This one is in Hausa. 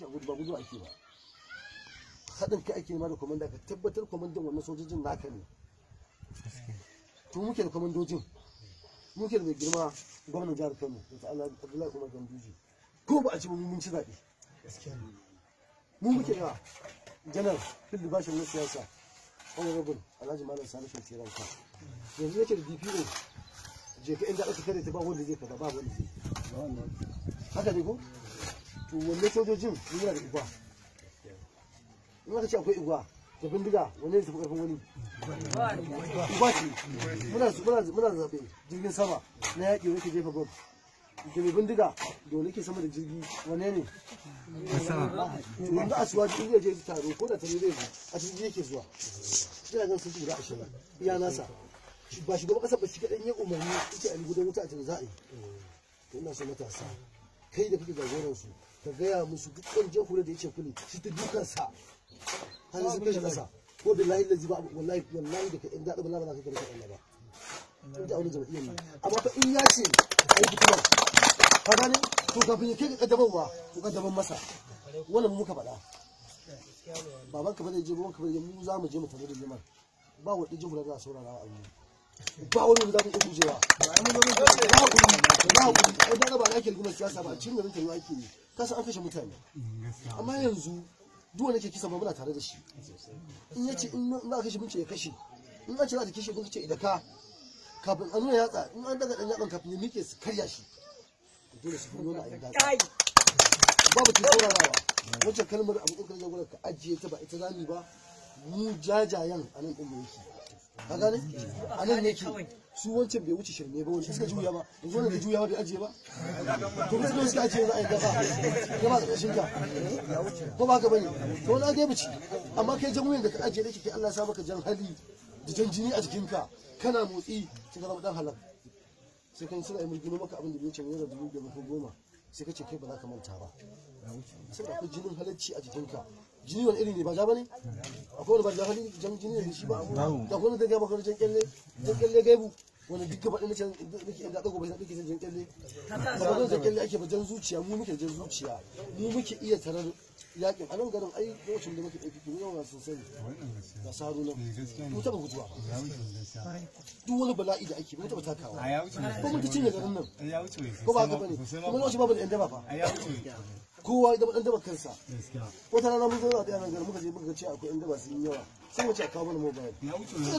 ba gudu ake ba haɗin kai ake nema da komanda ka tabbatar kwamandan wannan sojojin naka ne tun muke da komandojin muke da mai girma gwamnan jihar kano da ala abdullahi kuma ganduje ko ba a ci mun ci zaɓe mun muke da janar fil bashin na siyasa honorable alhaji malam sani shi tiran ka yanzu yake da dpo je ka inda aka kare ta ba wanda zai fada ba wanda zai haka ne ko to wanne sojojin yana da igwa in aka ce akwai igwa da bindiga wanne zai karfin wani igwa ce muna da zaɓe jirgin sama na yaƙi wani ke jefa gob da mai bindiga da wani ke sama da jirgi wanne ne yanzu a suwa jirgin ya je taro ko da tare zai a jirgi yake zuwa zan sun tura ashirin iya nasa ba shi gaba ƙasa ba shi kaɗan ya umarni ita a gudan wuta a can za'a yi to ina so matasa kai da kake jagoran su ka gaya musu dukkan jehura da ya ce kuli shi ta sa har su kai shi kasa ko billahi lazi ba wallahi wallahi da kai da wallahi ba za ka kai Allah ba in da aure jama'iyyar ne amma fa in ya ce ai yi hikimar ka gane to kafin ya kai ka kaddabarwa to kaddabar masa wannan muka faɗa baban ka bada je ruwan ka bada mu za mu je mu tafi da liman ba wani jin kula da saurara a mu ba wani da za mu iya gujewa ba ku siyasa ba a cikin garin Kaduna ake yi kasan an kashe mutane amma yanzu duk wanda ke kisa ba muna tare da shi in ya ce in za a kashe mun ce ya kashe in an ce za a kashe kun ce idan ka kafin a nuna yatsa in an daga dan yatsan kafin ya mike su karya shi dole su nuna a yanda babu ke saurarawa wacce kalmar abu kokarin jagorar ka ajiye ta ba ita zani ba mu jajayen a nan ɗin yake ka gane a nan yake su wancan bai wuce shirme ba wani suka juya ba yanzu da juya ba bai ajiye ba to kai suka ajiye za a yi gafa ba da kashin ka ko ba ka bane to na dai bici amma kai jan wuyan da ka ajiye da kike Allah ya maka jan hali da jan jini a jikinka kana motsi sai ka zama dan halal sai kan suna yi gino maka abin da bai wuce da dubu biyar ko goma sai ka ce kai ba za ka manta ba sai ka jinin halacci a jikinka jini wani iri ne ba ja bane akwai wani ba ja h a n i jam jini ne shi ba da kuma da ga maka jan k e a l l e jan k e a l l e gaibu wani duk gaba ɗaya nake yan daɗa gobe nake jan kyalle ba zan jan ƙyalle ake ba jan zuciya mu muke jan zuciya mu muke iya tarar yakin anan garin ai lokacin da muke ɗauki mu yawa sosai da saro nan mu taɓa gujewa duk wani bala'i da ake mu taɓa takawa ko mun ta cinye garin nan eh, ko ba haka bane kuma lokacin babu da yan daba fa kowa da ɗan daba kansa wata rana mun zo da yaran garin muka je muka ce akwai ƴan daba sun yawa sai mu ce a kawo mana mobile